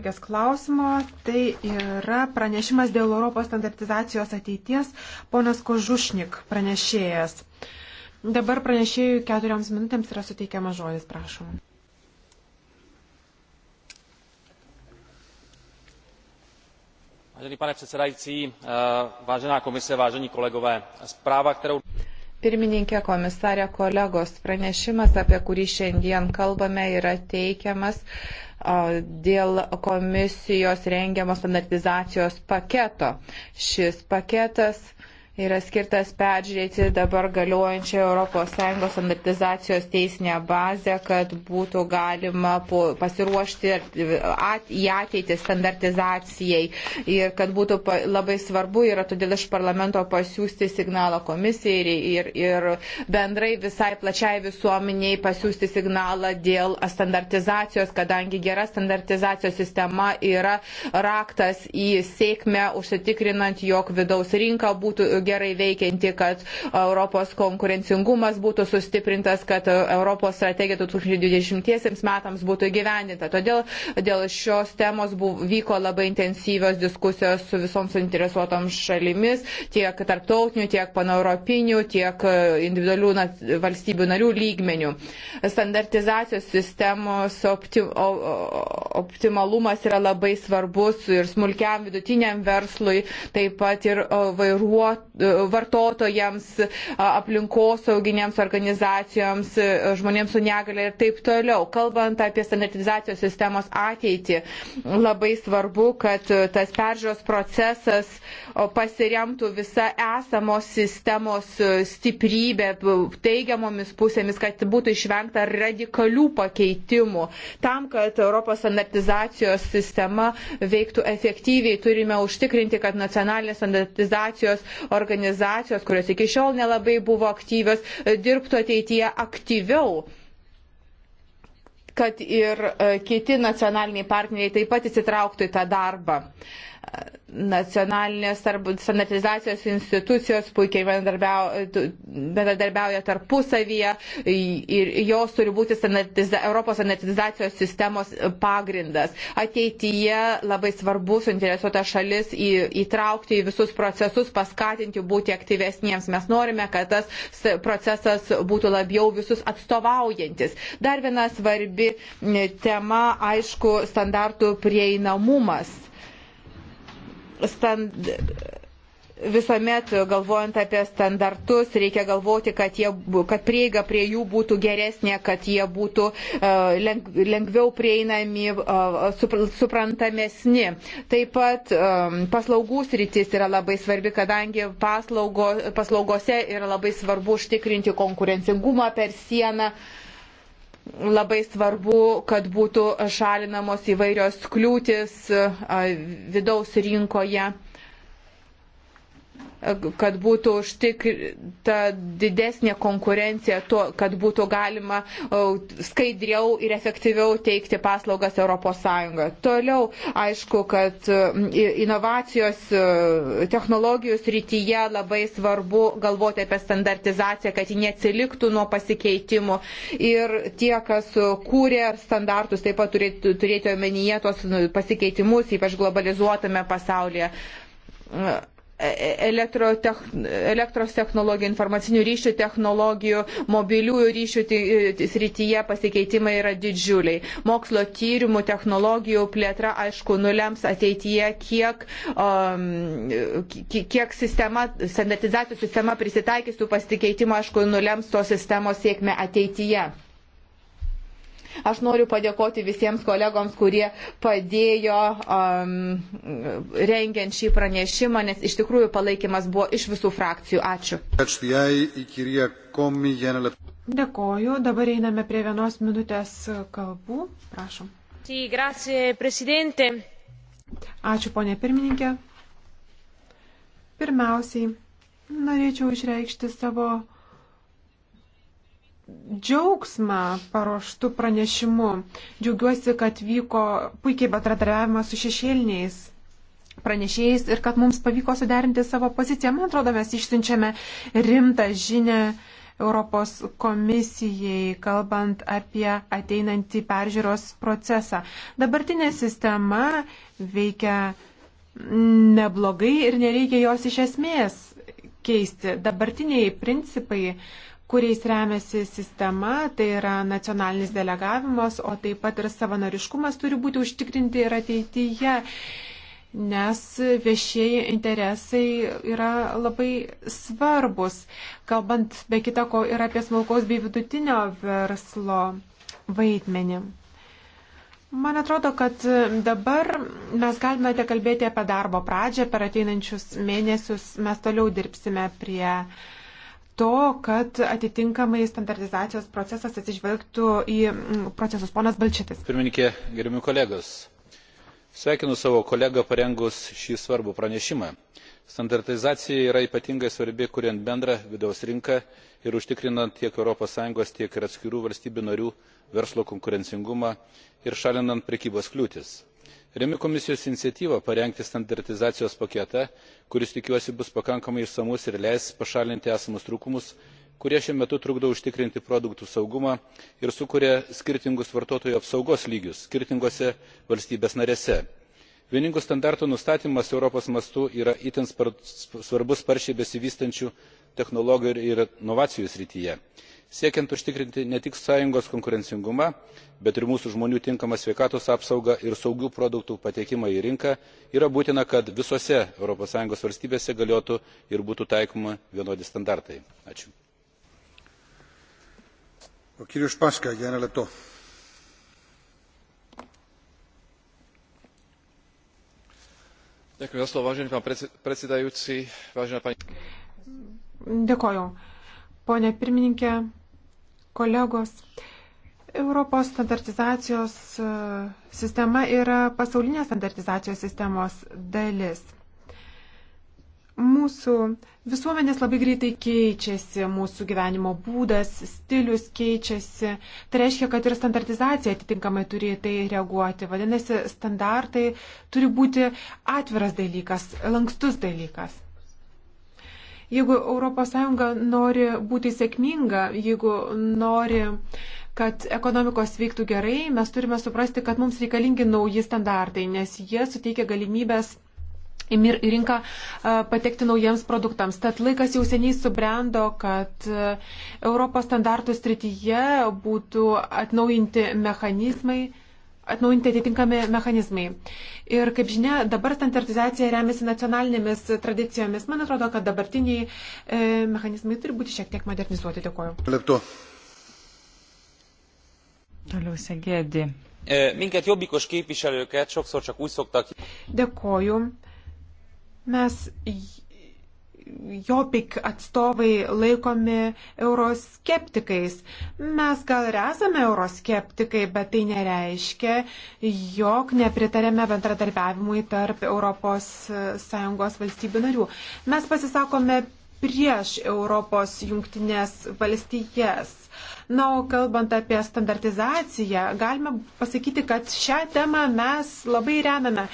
Irgės klausimo, tai yra pranešimas dėl Europos standartizacijos ateities, ponas Kožušnik pranešėjas. Dabar pranešėjų keturioms minutėms yra suteikiama žodis, prašom. Vážený pane předsedající, eh, vážená komise, vážení kolegové, zpráva, kterou... Pirmininkė komisarė kolegos pranešimas, apie kurį šiandien kalbame, yra teikiamas dėl komisijos rengiamos standartizacijos paketo. Šis paketas yra skirtas peržiūrėti dabar galiojančią ES standartizacijos teisinę bazę, kad būtų galima pasiruošti į ateitį standartizacijai ir kad būtų labai svarbu yra todėl iš parlamento pasiūsti signalą komisijai ir, ir, ir bendrai visai plačiai visuomeniai pasiūsti signalą dėl standartizacijos, kadangi gera standartizacijos sistema yra raktas į sėkmę užsitikrinant, jog vidaus rinka būtų gerai veikianti, kad Europos konkurencingumas būtų sustiprintas, kad Europos strategija 2020 metams būtų gyveninta. Todėl dėl šios temos buvo, vyko labai intensyvios diskusijos su visoms suinteresuotom šalimis, tiek tarptautinių, tiek paneuropinių, tiek individualių valstybių narių lygmenių. Standartizacijos sistemos optim, optimalumas yra labai svarbus ir smulkiam vidutiniam verslui, taip pat ir vairuotojui E, vartotojams, e, aplinkosauginėms organizacijoms, e, žmonėms su negale ir taip toliau. Kalbant apie standartizacijos sistemos ateitį, labai svarbu, kad tas peržiūros procesas pasiremtų visą esamos sistemos stiprybę, teigiamomis pusėmis, kad būtų išvengta radikalių pakeitimų. Tam, kad Europos standartizacijos sistema veiktų efektyviai, turime užtikrinti, kad nacionalinės standartizacijos organizacijos organizacijos, kurios iki šiol nelabai buvo aktyvios, e, dirbtų ateityje aktyviau kad ir e, kiti nacionaliniai partneriai taip pat įsitrauktų į tą darbą nacionalinės ar standartizacijos institucijos puikiai bendradarbiauja tarpusavyje ir jos turi būti standartiza Europos standartizacijos sistemos pagrindas. Ateityje labai svarbu suinteresuota šalis į, įtraukti į visus procesus, paskatinti būti aktyvesniems. Mes norime, kad tas procesas būtų labiau visus atstovaujantis. Dar viena svarbi tema, aišku, standartų prieinamumas stand, visuomet galvojant apie standartus, reikia galvoti, kad, jie, kad prieiga prie jų būtų geresnė, kad jie būtų e, lengviau prieinami, e, suprantamesni. Taip pat e, paslaugų sritis yra labai svarbi, kadangi paslaugo, paslaugose yra labai svarbu užtikrinti konkurencingumą per sieną. Labai svarbu, kad būtų šalinamos įvairios kliūtis vidaus rinkoje kad būtų užtikrinta didesnė konkurencija, to, kad būtų galima skaidriau ir efektyviau teikti paslaugas ES. Toliau, aišku, kad e, inovacijos e, technologijų srityje labai svarbu galvoti apie standartizaciją, kad ji neatsiliktų nuo pasikeitimų ir tie, kas kūrė standartus, taip pat turėtų turėti omenyje tos nu, pasikeitimus, ypač globalizuotame pasaulyje. E, E, e, elektros technologijų, informacinių ryšių technologijų, mobiliųjų ryšių e, srityje pasikeitimai yra didžiuliai. Mokslo tyrimų technologijų plėtra, aišku, nulems ateityje, kiek, um, kiek sistema, standartizacijos sistema prisitaikys tų pasikeitimų, aišku, nulems tos sistemos sėkmę ateityje. Aš noriu padėkoti visiems kolegoms, kurie padėjo um, rengiant šį pranešimą, nes iš tikrųjų palaikymas buvo iš visų frakcijų. Ačiū. Dėkoju. Dabar einame prie vienos minutės kalbų. Prašom. Ačiū, ponė pirmininkė. Pirmiausiai norėčiau išreikšti savo džiaugsmą paruoštų pranešimu. Džiaugiuosi, kad vyko puikiai bendradarbiavimas su šešėliniais pranešėjais ir kad mums pavyko suderinti savo poziciją. Man atrodo, mes išsiunčiame rimtą žinę Europos komisijai, kalbant apie ateinantį peržiūros procesą. Dabartinė sistema veikia neblogai ir nereikia jos iš esmės keisti. Dabartiniai principai kuriais remiasi sistema, tai yra nacionalinis delegavimas, o taip pat ir savanoriškumas turi būti užtikrinti ir ateityje, nes viešieji interesai yra labai svarbus, kalbant be kita ko ir apie smulkaus bei vidutinio verslo vaidmenį. Man atrodo, kad dabar mes galime te kalbėti apie darbo pradžią, per ateinančius mėnesius mes toliau dirbsime prie uh, to, kad atitinkamai standartizacijos procesas atsižvelgtų į mm, procesus. Ponas Balčytis. Pirmininkė, gerimi kolegos. Sveikinu savo kolegą parengus šį svarbų pranešimą. Standartizacija yra ypatingai svarbi, kuriant bendrą vidaus rinką ir užtikrinant tiek ES, tiek ir atskirų valstybių narių verslo konkurencingumą ir šalinant prekybos kliūtis remiu komisijos iniciatyvą parengti standartizacijos paketą kuris tikiuosi bus pakankamai išsamus ir leis pašalinti esamus trūkumus kurie šiuo metu trukdo užtikrinti produktų saugumą ir sukuria skirtingus vartotojų apsaugos lygius skirtingose valstybėse narėse. vieningų standartų nustatymas europos mastu yra itin svarbus sparčiai besivystančių technologijų ir inovacijų srityje siekiant užtikrinti ne tik sąjungos konkurencingumą bet ir mūsų žmonių tinkamą sveikatos apsaugą ir saugių produktų patekimą į rinką yra būtina kad visose europos sąjungos valstybėse galiotų ir būtų taikomi vienodi standartai. Dėkoju. Pone pirmininkė, kolegos. Europos standartizacijos e, sistema yra pasaulinės standartizacijos sistemos dalis. Mūsų visuomenės labai greitai keičiasi, mūsų gyvenimo būdas, stilius keičiasi. Tai reiškia, kad ir standartizacija atitinkamai turi į tai reaguoti. Vadinasi, standartai turi būti atviras dalykas, lankstus dalykas. Jeigu ES nori būti sėkminga, jeigu nori kad ekonomikos veiktų gerai, mes turime suprasti, kad mums reikalingi nauji standartai, nes jie suteikia galimybės į rinką patekti naujiems produktams. Tad laikas jau seniai subrendo, kad Europos standartų srityje būtų atnaujinti mechanizmai, atnaujinti atitinkami mechanizmai. Ir kaip žinia, dabar standartizacija remiasi nacionalinėmis tradicijomis. Man atrodo, kad dabartiniai e, mechanizmai turi būti šiek tiek modernizuoti. Dėkuoju. Lėktu. Toliau segėdi. E, minket jobbikos képviselőket sokszor csak úgy szoktak. Dėkuoju. Mes Jopik atstovai laikomi euroskeptikais. Mes gal ir esame euroskeptikai, bet tai nereiškia, jog nepritarėme bendradarbiavimui tarp ES valstybių narių. Mes pasisakome prieš Europos jungtinės valstijas. Na, o kalbant apie standartizaciją, galime pasakyti, kad šią temą mes labai remiame.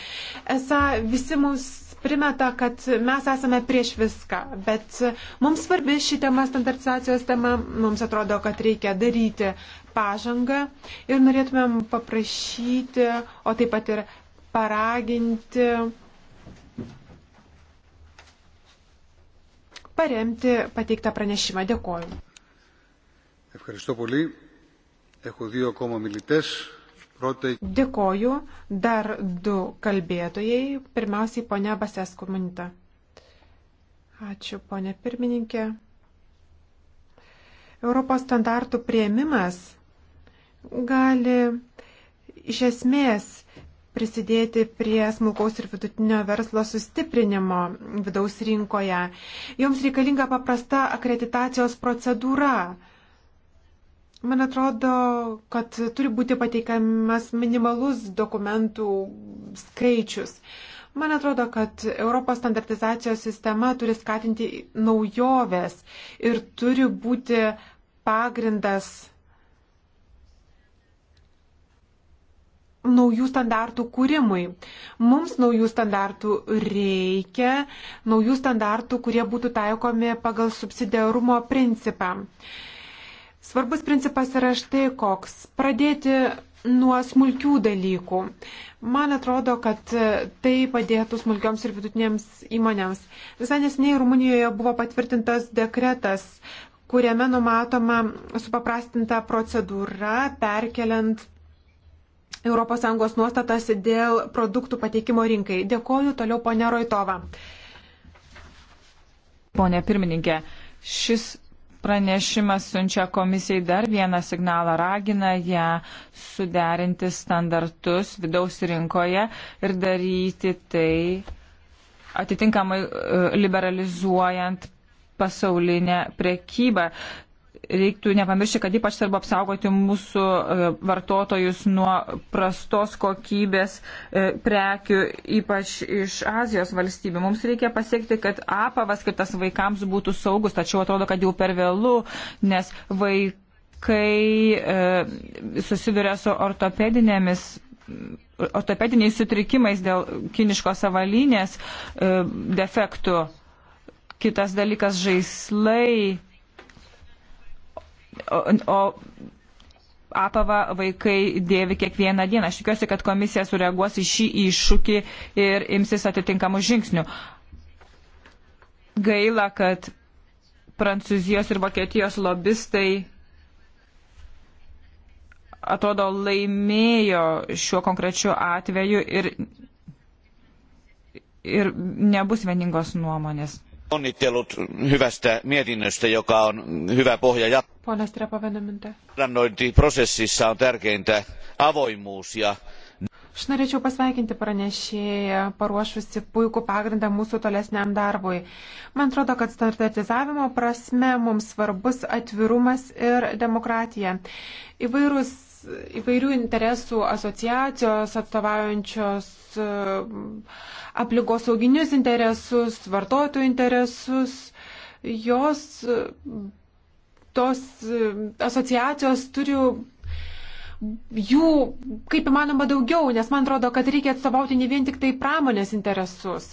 Esą visi mūsų primeta, kad mes esame prieš viską, bet mums svarbi ši tema, standartizacijos tema, mums atrodo, kad reikia daryti pažangą ir norėtumėm paprašyti, o taip pat ir paraginti, paremti pateiktą pranešimą. Dėkoju. Ευχαριστώ πολύ. Έχω δύο ακόμα μιλητές. Dėkoju. Dar du kalbėtojai. Pirmiausiai ponia Basesku Minta. Ačiū, ponia pirmininkė. Europos standartų prieimimas gali iš esmės prisidėti prie smulkaus ir vidutinio verslo sustiprinimo vidaus rinkoje. Joms reikalinga paprasta akreditacijos procedūra. Man atrodo, kad turi būti pateikamas minimalus dokumentų skaičius. Man atrodo, kad Europos standartizacijos sistema turi skatinti naujoves ir turi būti pagrindas naujų standartų kūrimui. Mums naujų standartų reikia, naujų standartų, kurie būtų taikomi pagal subsidiarumo principą. Uh, Svarbus principas yra štai koks - pradėti nuo smulkių dalykų. Man atrodo, kad tai padėtų smulkioms ir vidutinėms įmonėms. Visai nesiniai Rumunijoje buvo patvirtintas dekretas, kuriame numatoma supaprastinta procedūra perkeliant ES nuostatas dėl produktų pateikimo rinkai. Dėkoju toliau ponė Roitova. Pone pirmininkė, šis pranešimas siunčia komisijai dar vieną signalą, ragina ją suderinti standartus vidaus rinkoje ir daryti tai atitinkamai e, liberalizuojant pasaulinę prekybą reiktų nepamiršti, kad ypač svarbu apsaugoti mūsų e, vartotojus nuo prastos kokybės e, prekių, ypač iš Azijos valstybių. Mums reikia pasiekti, kad apavas skirtas vaikams būtų saugus, tačiau atrodo, kad jau per vėlų, nes vaikai e, susiduria su ortopedinėmis ortopediniais sutrikimais dėl kiniškos avalynės e, defektų. Kitas dalykas - žaislai o, o apavą vaikai dėvi kiekvieną dieną. Aš tikiuosi, kad komisija sureaguos į šį iššūkį ir imsis atitinkamų žingsnių. Gaila, kad Prancūzijos ir Vokietijos lobistai atrodo laimėjo šiuo konkrečiu atveju ir, ir nebus vieningos nuomonės onnittelut hyvästä mietinnöstä joka on hyvä pohja jatkotyöskentelylle. on tärkeintä avoimuus ja Aš norėčiau pasveikinti pranešėją, paruošusi puikų pagrindą mūsų tolesniam darbui. Man atrodo, kad standartizavimo prasme mums svarbus atvirumas ir demokratija. Įvairūs įvairių interesų asociacijos atstovaujančios e, aplinkos sauginius interesus, vartotojų interesus, jos e, tos e, asociacijos turi jų kaip įmanoma daugiau, nes man atrodo, kad reikia atstovauti ne vien tik tai pramonės interesus.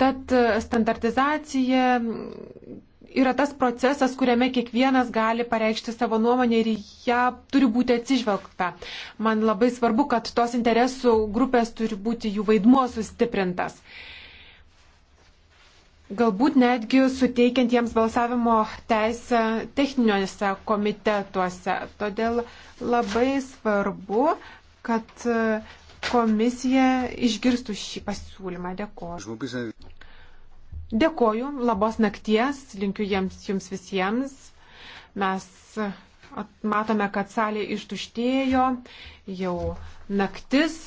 Tad standartizacija yra tas procesas, kuriame kiekvienas gali pareikšti savo nuomonę ir ją turi būti atsižvelgta. Man labai svarbu, kad tos interesų grupės turi būti jų vaidmuo sustiprintas. Galbūt netgi suteikiant jiems balsavimo teisę techniniuose komitetuose. Todėl labai svarbu, kad komisija išgirstų šį pasiūlymą. Dėkuoju. Dėkoju, labos nakties, linkiu jiems, jums visiems. Mes matome, kad salė ištuštėjo, jau naktis.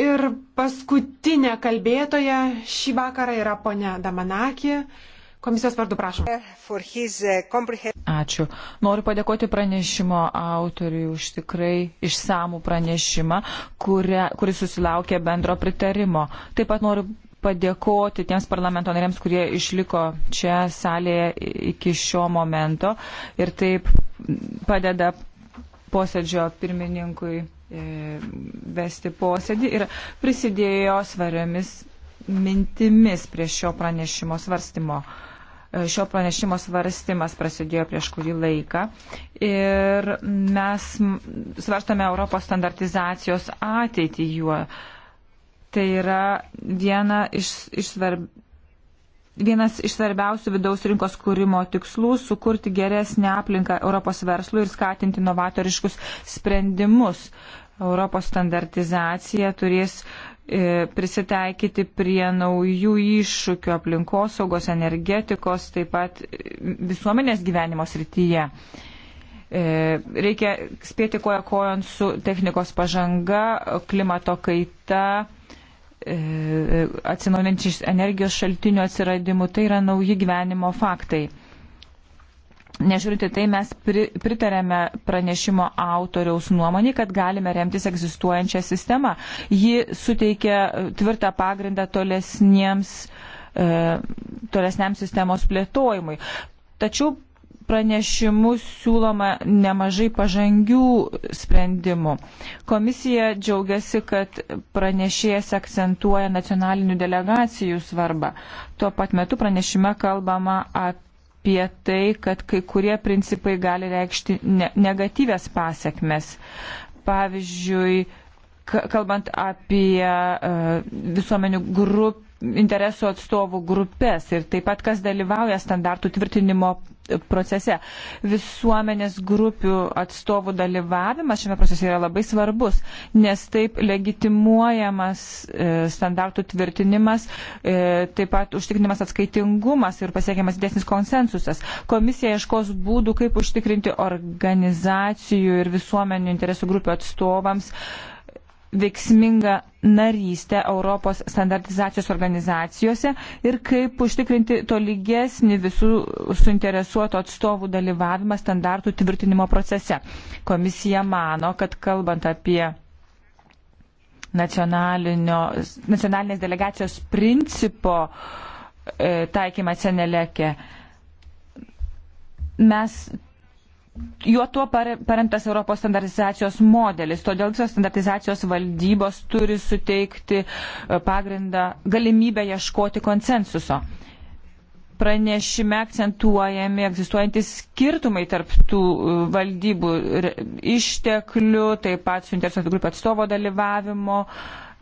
Ir paskutinė kalbėtoja šį vakarą yra ponia Damanaki. Komisijos vardu prašom. Uh, Ačiū. Noriu padėkoti pranešimo autoriui už tikrai išsamų pranešimą, kuria, kuris susilaukė bendro pritarimo. Taip pat noriu padėkoti tiems parlamento nariams, kurie išliko čia salėje iki šio momento ir taip padeda posėdžio pirmininkui e, vesti posėdį ir prisidėjo svariomis mintimis prie šio pranešimo svarstymo. E, šio pranešimo svarstymas prasidėjo prieš kurį laiką ir mes svarstame Europos standartizacijos ateitį juo Tai yra viena iš, iš svarb... vienas iš svarbiausių vidaus rinkos kūrimo tikslų - sukurti geresnę aplinką Europos verslui ir skatinti novatoriškus sprendimus. Europos standartizacija turės e, prisitaikyti prie naujų iššūkių aplinkosaugos, energetikos, taip pat e, visuomenės gyvenimo srityje. E, reikia spėti koja kojant su technikos pažanga, klimato kaita E, atsinaujančiais energijos šaltinių atsiradimu, tai yra nauji gyvenimo faktai. Nežiūrinti tai, mes pri, pritarėme pranešimo autoriaus nuomonį, kad galime remtis egzistuojančią sistemą. Ji suteikia tvirtą pagrindą tolesniems, e, tolesniam sistemos plėtojimui. Tačiau pranešimu siūloma nemažai pažangių sprendimų. Komisija džiaugiasi, kad pranešėjas akcentuoja nacionalinių delegacijų svarbą. Tuo pat metu pranešime kalbama apie tai, kad kai kurie principai gali reikšti ne negatyvės pasiekmes. Pavyzdžiui, kalbant apie uh, visuomenių grupę, interesų atstovų grupės ir taip pat kas dalyvauja standartų tvirtinimo procese. Visuomenės grupių atstovų dalyvavimas šiame procese yra labai svarbus, nes taip legitimuojamas e, standartų tvirtinimas, e, taip pat užtikrinimas atskaitingumas ir pasiekiamas didesnis konsensusas. Komisija ieškos būdų, kaip užtikrinti organizacijų ir visuomenių interesų grupių atstovams uh, veiksmingą narystę Europos standartizacijos organizacijose ir kaip užtikrinti tolygesnį visų suinteresuotų atstovų dalyvavimą standartų tvirtinimo procese. Komisija mano, kad kalbant apie nacionalinės delegacijos principo e, taikymą Seneleke, mes juo tuo paremtas Europos standartizacijos modelis. Todėl visos standartizacijos valdybos turi suteikti e, pagrindą, galimybę ieškoti konsensuso. Pranešime akcentuojami egzistuojantis skirtumai tarp tų e, valdybų išteklių, taip pat suinteresuotų grupių atstovo dalyvavimo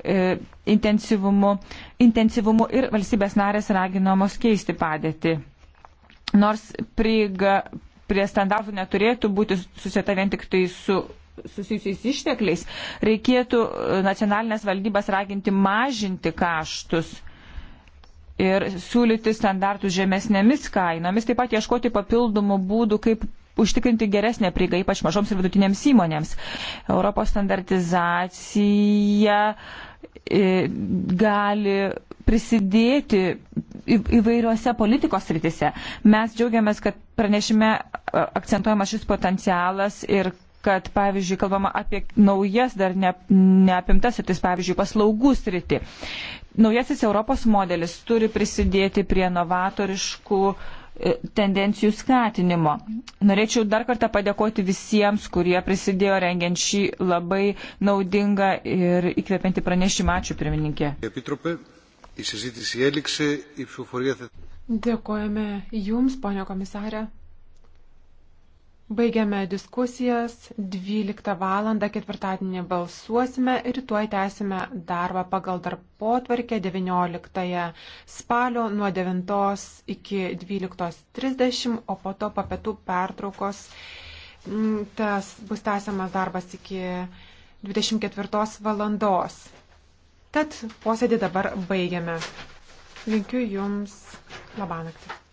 e, intensyvumu, intensyvumu ir valstybės narės raginamos keisti padėtį. Nors prieiga prie standartų neturėtų būti susieta vien tik tai su susijusiais ištekliais, reikėtų e, nacionalinės valdybas raginti mažinti kaštus ir siūlyti standartus žemesnėmis kainomis, taip pat ieškoti papildomų būdų, kaip užtikrinti geresnę prieigą, ypač mažoms ir vidutinėms įmonėms. Europos standartizacija e, gali prisidėti įvairiuose politikos rytise. Mes džiaugiamės, kad pranešime akcentuojamas šis potencialas ir kad, pavyzdžiui, kalbama apie naujas dar ne, neapimtas sritis, pavyzdžiui, paslaugų sritį. Naujasis Europos modelis turi prisidėti prie novatoriškų e, tendencijų skatinimo. Norėčiau dar kartą padėkoti visiems, kurie prisidėjo rengiant šį labai naudingą ir įkvepiantį pranešimą. Ačiū, pirmininkė. Dėkojame Jums, ponio komisarė. Baigiame diskusijas. 12 val. ketvirtadienį balsuosime. Rytoj tęsime darbą pagal darbo tvarkę 19 spalio nuo 9 iki 12.30, o po to papietų pertraukos mm, tas bus tęsiamas darbas iki 24 valandos. Tad posėdį dabar baigiame. Linkiu Jums labą naktį.